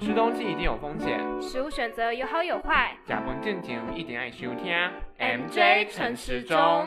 吃東西一定有風險，食物選擇有好有壞。假扮正經，一定要收聽。M J 陳時中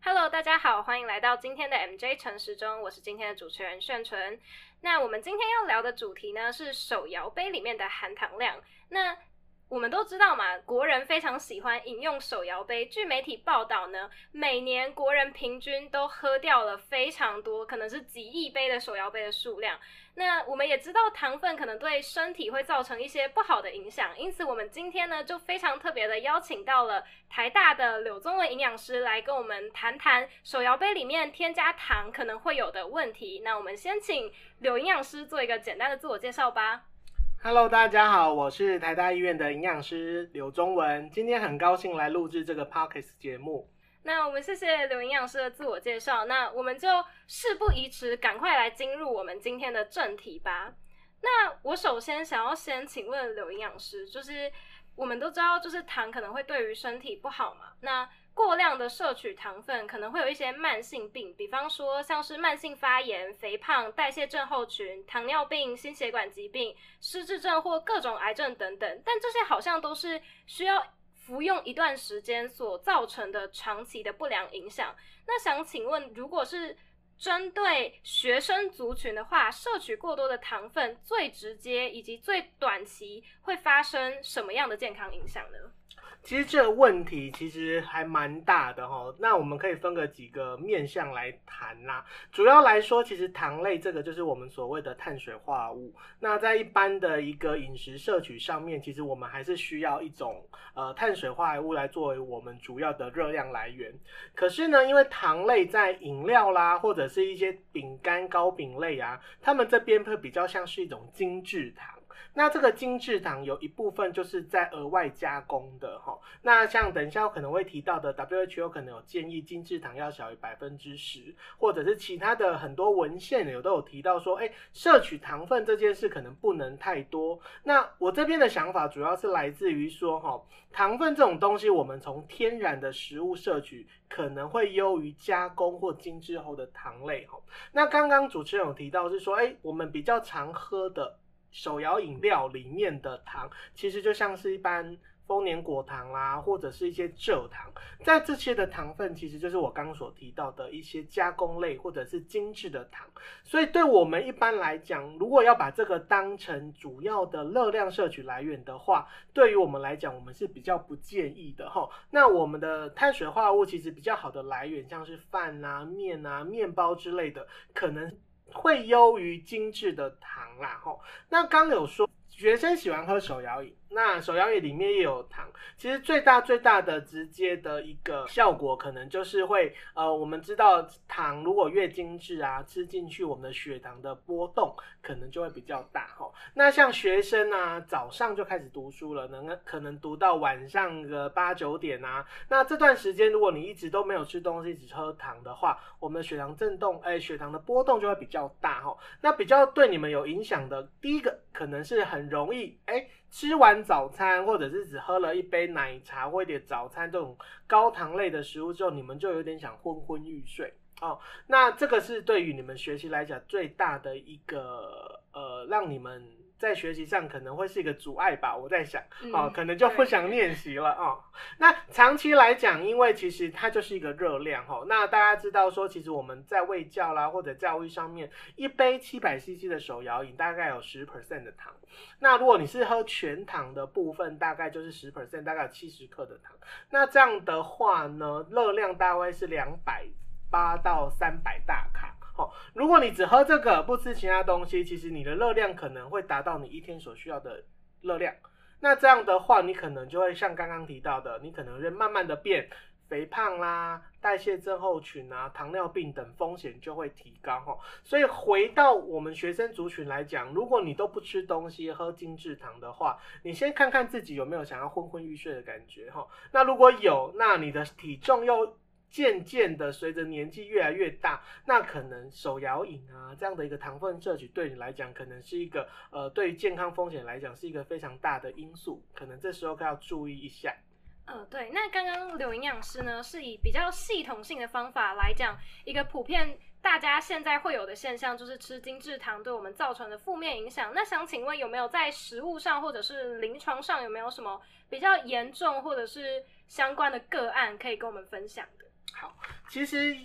h e l l o 大家好，歡迎來到今天的 M J 陳時中。我是今天的主持人炫淳。那我們今天要聊的主題呢，是手搖杯裡面的含糖量。那我們都知道嘛，國人非常喜歡飲用手搖杯。據媒體報道呢，每年國人平均都喝掉了非常多，可能是幾億杯的手搖杯的數量。那我們也知道糖分可能對身體會造成一些不好的影響，因此我們今天呢就非常特別的邀請到了台大的柳宗文營養師來跟我們談談手搖杯裡面添加糖可能會有的問題。那我們先請柳營養師做一個簡單的自我介紹吧。Hello，大家好，我是台大醫院的營養師柳宗文，今天很高興來錄製這個 podcast 節目。那我們謝謝柳營養師的自我介紹，那我們就事不宜遲，趕快來進入我們今天的正題吧。那我首先想要先請問柳營養師，就是。我們都知道，就是糖可能會對於身體不好嘛。那過量的攝取糖分，可能會有一些慢性病，比方說像是慢性發炎、肥胖、代謝症候群、糖尿病、心血管疾病、失智症或各種癌症等等。但這些好像都是需要服用一段時間所造成的長期的不良影響。那想請問，如果是針對學生族群的話，攝取過多的糖分，最直接以及最短期會發生什麼樣的健康影響呢？其實這個問題其實還蠻大的齁，那我們可以分個幾個面向來談啦。主要來說，其實糖類這個就是我們所謂的碳水化合物。那在一般的一個飲食攝取上面，其實我們還是需要一種呃碳水化合物來作為我們主要的熱量來源。可是呢，因為糖類在飲料啦，或者是一些餅乾、糕餅類啊，它們這邊會比較像是一種精製糖。那這個精製糖有一部分就是在額外加工的齁。那像等一下我可能會提到的，WHO 有可能有建議精製糖要小於百分之十，或者是其他的很多文獻有都有提到說，哎，攝取糖分這件事可能不能太多。那我這邊的想法主要是來自於說齁，糖分這種東西我們從天然的食物攝取可能會優於加工或精製後的糖類齁。那剛剛主持人有提到是說，哎，我們比較常喝的。手搖飲料裡面的糖，其實就像是一般豐年果糖啦、啊，或者是一些蔗糖，在這些的糖分，其實就是我剛剛所提到的一些加工類或者是精致的糖。所以，對我們一般來講，如果要把這個當成主要的熱量攝取來源的話，對於我們來講，我們是比較不建議的吼，那我們的碳水化合物其實比較好的來源，像是飯啊、麵啊、麵包之類的，可能。會優於精致的糖啦，吼，那剛有說學生喜歡喝手搖飲。那手搖杯裡面也有糖，其實最大最大的直接的一個效果，可能就是會呃，我們知道糖如果越精致啊，吃進去我們的血糖的波動可能就會比較大齁。那像學生啊，早上就開始讀書了，能可能讀到晚上的八九點啊，那這段時間如果你一直都沒有吃東西，只喝糖的話，我們的血糖震動，哎，血糖的波動就會比較大齁。那比較對你們有影響的，第一個可能是很容易哎，吃完。早餐，或者是只喝了一杯奶茶或一點早餐這種高糖類的食物之後，你們就有點想昏昏欲睡哦。那這個是對於你們學習來講最大的一個呃，讓你們，在學習上可能會是一個阻礙吧，我在想，嗯哦、可能就不想練習了啊、哦。那長期來講，因為其實它就是一個熱量。那大家知道說，其實我們在衛教啦，或者教育上面，一杯七百 CC 的手搖飲大概有十 percent 的糖。那如果你是喝全糖的部分，大概就是十 percent，大概有七十克的糖。那這樣的話呢，熱量大概是兩百八到三百大卡。好，如果你只喝這個，不吃其他東西，其實你的熱量可能會達到你一天所需要的熱量。那這樣的話，你可能就會像剛剛提到的，你可能就慢慢的變肥胖啦、代謝症候群啊、糖尿病等風險就會提高哈。所以回到我們學生族群來講，如果你都不吃東西，喝精緻糖的話，你先看看自己有沒有想要昏昏欲睡的感覺哈。那如果有，那你的體重又，漸漸的，隨着年紀越來越大，那可能手搖飲啊這樣的一個糖分攝取，對你來講可能是一個呃，對健康風險來講是一個非常大的因素，可能這時候可要注意一下。呃，對。那剛剛柳營養師呢，是以比較系統性的方法來講，一個普遍大家現在會有的現象，就是吃精製糖對我們造成的負面影響。那想請問有沒有在食物上或者是臨床上有沒有什麼比較嚴重或者是相關的個案可以跟我們分享？好，其實。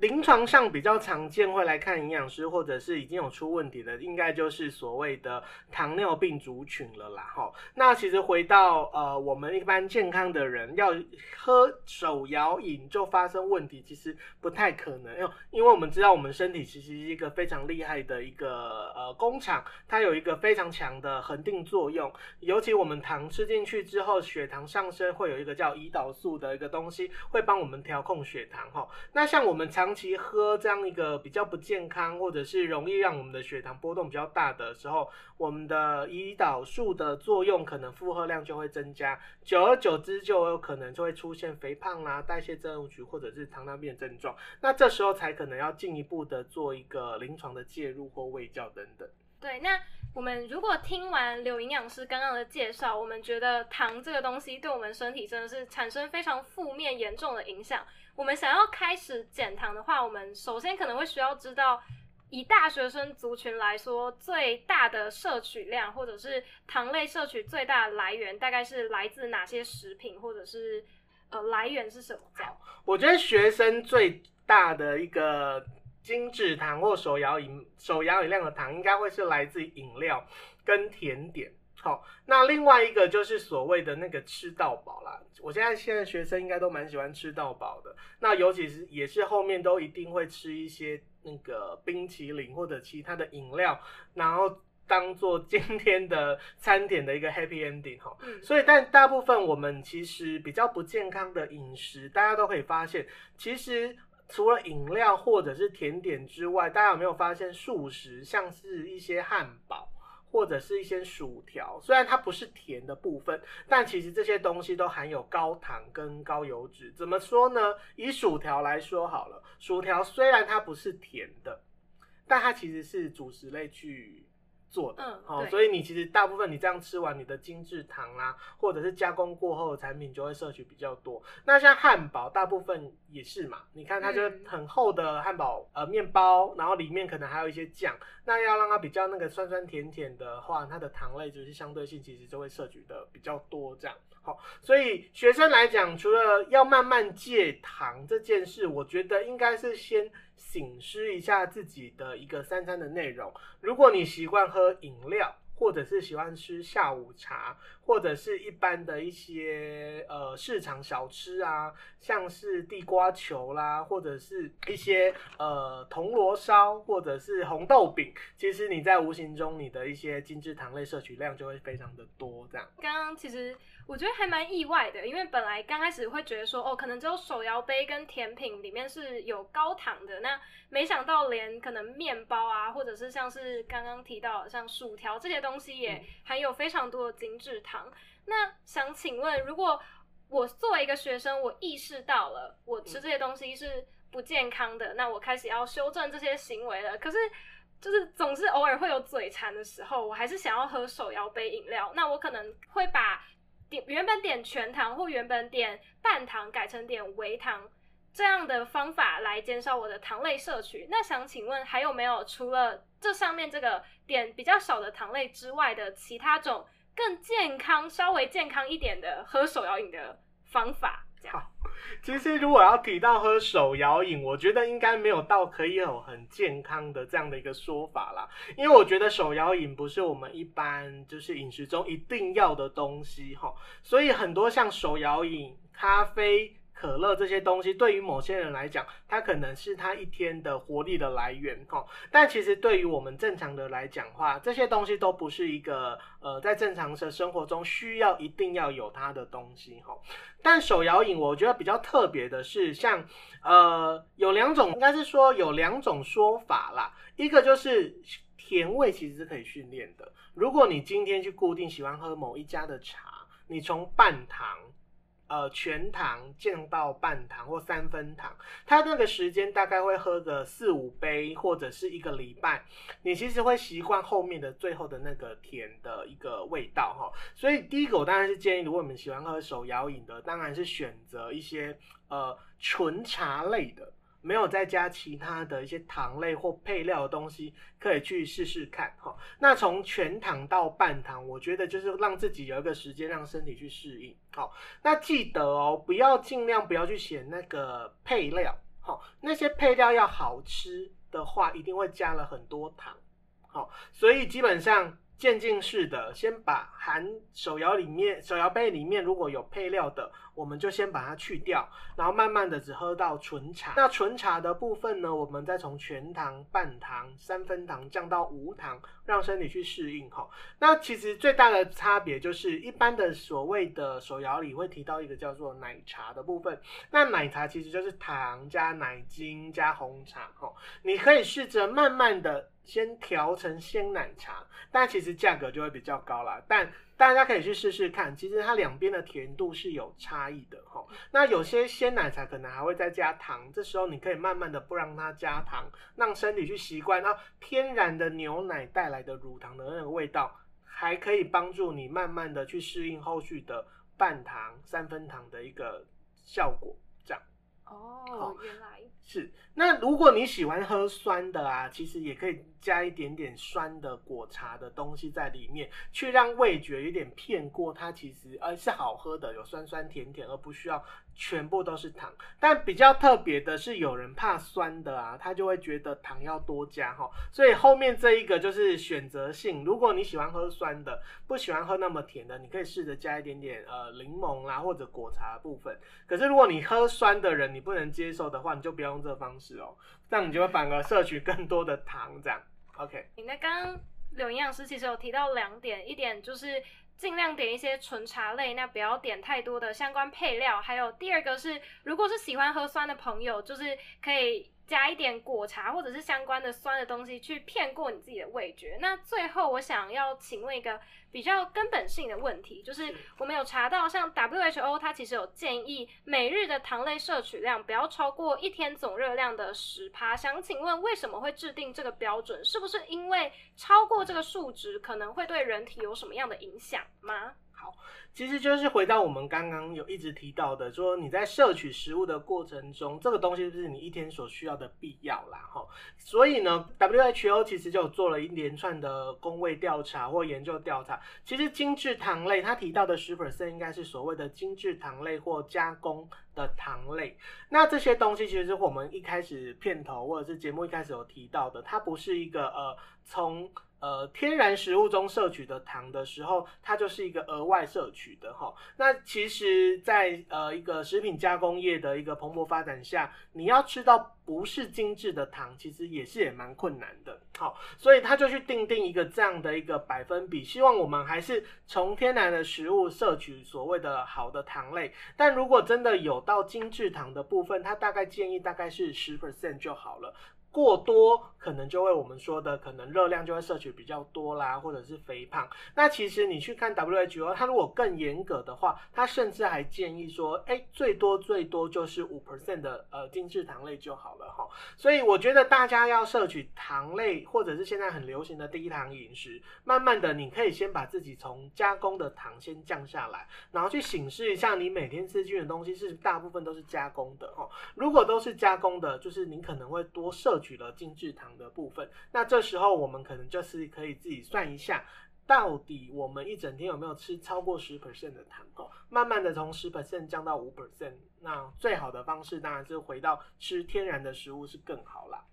臨床上比較常見會來看營養師，或者是已經有出問題的，應該就是所謂的糖尿病族群了啦。齁，那其實回到呃，我們一般健康的人要喝手搖飲就發生問題，其實不太可能。因為，因為我們知道我們身體其實是一個非常厲害的一個呃工廠，它有一個非常強的恆定作用。尤其我們糖吃進去之後，血糖上升會有一個叫胰島素的一個東西會幫我們調控血糖。齁，那像我們常長期喝這樣一個比較不健康，或者是容易讓我們的血糖波動比較大的時候，我們的胰島素的作用可能負荷量就會增加，久而久之就有可能就會出現肥胖啦、啊、代謝症候群或者是糖尿病的症狀。那這時候才可能要進一步的做一個臨床的介入或衛教等等。對，那我們如果聽完柳營養師剛剛的介紹，我們覺得糖這個東西對我們身體真的是產生非常負面、嚴重的影響。我們想要開始減糖的話，我們首先可能會需要知道，以大學生族群來說，最大的攝取量或者是糖類攝取最大的來源，大概是來自哪些食品，或者是呃來源是什麼叫？好，我覺得學生最大的一個精制糖或手搖飲、手搖飲料的糖，應該會是來自飲料跟甜點。好，那另外一個就是所謂的那個吃到飽啦。我現在現在學生應該都蠻喜歡吃到飽的，那尤其是也是後面都一定會吃一些那個冰淇淋或者其他的飲料，然後當做今天的餐點的一個 happy ending 哈。所以，但大部分我們其實比較不健康的飲食，大家都可以發現，其實除了飲料或者是甜點之外，大家有沒有發現速食像是一些漢堡？或者是一些薯條，雖然它不是甜的部分，但其實這些東西都含有高糖跟高油脂。怎麼說呢？以薯條來說好了，薯條雖然它不是甜的，但它其實是主食類去。做的，好、嗯哦，所以你其實大部分你這樣吃完你的精緻糖啦、啊，或者是加工過後的產品，就會攝取比較多。那像漢堡，大部分也是嘛，你看它就很厚的漢堡，呃，麵包，然後裡面可能還有一些醬、嗯。那要讓它比較那個酸酸甜甜的話，它的糖類就是相對性其實就會攝取的比較多，這樣，好、哦。所以學生來講，除了要慢慢戒糖這件事，我覺得應該是先。省思一下自己的一個三餐的內容。如果你習慣喝飲料，或者是喜歡吃下午茶。或者是一般的一些呃市場小吃啊，像是地瓜球啦，或者是一些呃銅鑼燒，或者是紅豆餅，其實你在無形中你的一些精緻糖類攝取量就會非常的多這樣。剛剛其實我覺得還蠻意外的，因為本來剛開始會覺得說，哦，可能只有手搖杯跟甜品裡面是有高糖的，那沒想到連可能麵包啊，或者是像是剛剛提到的像薯條這些東西也含有非常多的精緻糖。那想請問，如果我作為一個學生，我意識到了我吃這些東西是不健康的，嗯，那我開始要修正這些行為了。可是，就是總是偶爾會有嘴饞的時候，我還是想要喝手搖杯飲料。那我可能會把點原本點全糖或原本點半糖改成點微糖這樣的方法來減少我的糖類攝取。那想請問，還有沒有除了這上面這個點比較少的糖類之外的其他種？更健康，稍微健康一點的喝手搖飲的方法這樣，好。其實如果要提到喝手搖飲，我覺得應該沒有到可以有很健康的這樣的一個說法啦，因為我覺得手搖飲不是我們一般就是飲食中一定要的東西哈，所以很多像手搖飲、咖啡。可樂這些東西對於某些人來講，它可能是他一天的活力的來源吼。但其實對於我們正常的來講的話，這些東西都不是一個呃，在正常的生活中需要一定要有它的東西吼，但手搖飲，我覺得比較特別的是像，像呃，有兩種，應該是說有兩種說法啦。一個就是甜味其實是可以訓練的。如果你今天去固定喜歡喝某一家的茶，你從半糖。呃，全糖降到半糖或三分糖，他那個時間大概會喝個四五杯或者是一個禮拜。你其實會習慣後面的最後的那個甜的一個味道哈、哦。所以第一個，我當然是建議，如果你們喜歡喝手搖飲的，當然是選擇一些呃純茶類的。沒有再加其他的一些糖類或配料的東西，可以去試試看哈。那從全糖到半糖，我覺得就是讓自己有一個時間讓身體去適應。那記得哦，不要盡量不要去選那個配料哈。那些配料要好吃的話，一定會加了很多糖。好，所以基本上漸進式的，先把含手搖裡面手搖杯裡面如果有配料的，我們就先把它去掉，然後慢慢的只喝到純茶。那純茶的部分呢，我們再從全糖、半糖、三分糖降到無糖，讓身體去適應吼，那其實最大的差別就是，一般的所謂的手搖裡會提到一個叫做奶茶的部分。那奶茶其實就是糖加奶精加紅茶吼，你可以試着慢慢的先調成鮮奶茶，但其實價格就會比較高了。但大家可以去試試看，其實它兩邊的甜度是有差異的哈。Okay. 那有些鮮奶茶可能還會再加糖，這時候你可以慢慢的不讓它加糖，讓身體去習慣那天然的牛奶帶來的乳糖的那個味道，還可以幫助你慢慢的去適應後續的半糖、三分糖的一個效果。這樣哦。Oh，原來。是，那如果你喜歡喝酸的啊，其實也可以加一點點酸的果茶的東西在裡面，去讓味覺有點騙過它，其實呃是好喝的，有酸酸甜甜，而不需要全部都是糖。但比較特別的是，有人怕酸的啊，他就會覺得糖要多加哈。所以後面這一個就是選擇性，如果你喜歡喝酸的，不喜歡喝那麼甜的，你可以試着加一點點呃檸檬啦，啊，或者果茶的部分。可是如果你喝酸的人你不能接受的話，你就不用。這個方式哦、喔，這樣你就會反而攝取更多的糖，這樣。OK，那剛剛柳營養師其實有提到兩點，一點就是盡量點一些純茶類，那不要點太多的相關配料，還有第二個是，如果是喜歡喝酸的朋友，就是可以。加一點果茶或者是相關的酸的東西去騙過你自己的味覺。那最後我想要請問一個比較根本性的問題，就是我們有查到像 WHO 它其實有建議每日的糖類攝取量不要超過一天總熱量的十趴。想請問為什麼會制定這個標準？是不是因為超過這個數值可能會對人體有什麼樣的影響嗎？好，其實就是回到我們剛剛有一直提到的，說你在攝取食物的過程中，這個東西就是你一天所需要的必要啦？哈，所以呢，WHO 其實就有做了一連串的工位調查或研究調查。其實精致糖類，他提到的十 p e 應該是所謂的精致糖類或加工的糖類。那這些東西其實是我們一開始片頭或者是節目一開始有提到的，它不是一個呃從。呃，天然食物中攝取的糖的時候，它就是一個額外攝取的吼，那其實在，呃一個食品加工業的一個蓬勃發展下，你要吃到不是精緻的糖，其實也是也蠻困難的。吼，所以他就去訂定一個這樣的一個百分比，希望我們還是從天然的食物攝取所謂的好的糖類。但如果真的有到精緻糖的部分，他大概建議大概是十 percent 就好了。過多可能就會我們說的，可能熱量就會攝取比較多啦，或者是肥胖。那其實你去看 WHO，它，如果更嚴格的話，它甚至還建議說，哎、欸，最多最多就是五 percent 的呃精制糖類就好了哈。所以我覺得大家要攝取糖類，或者是現在很流行的低糖飲食，慢慢的你可以先把自己從加工的糖先降下來，然後去審視一下你每天吃進的東西是大部分都是加工的哦。如果都是加工的，就是你可能會多攝。取了精製糖的部分，那這時候我們可能就是可以自己算一下，到底我們一整天有沒有吃超過十 percent 的糖哦，慢慢的從十 percent 降到五 percent，那最好的方式當然是回到吃天然的食物是更好啦。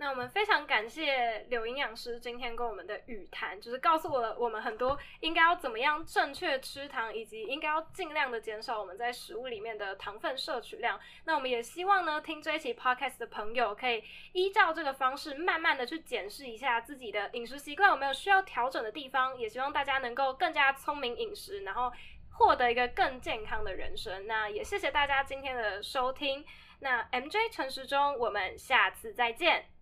那我們非常感謝柳營養師今天跟我們的與談，就是告訴了我們很多應該要怎麼樣正確吃糖，以及應該要儘量的減少我們在食物裡面的糖分攝取量。那我們也希望呢，聽這一期 podcast 的朋友可以依照這個方式，慢慢的去檢視一下自己的飲食習慣有沒有需要調整的地方。也希望大家能夠更加聰明飲食，然後獲得一個更健康的人生。那也謝謝大家今天的收聽。那 M J 誠食中，我們下次再見。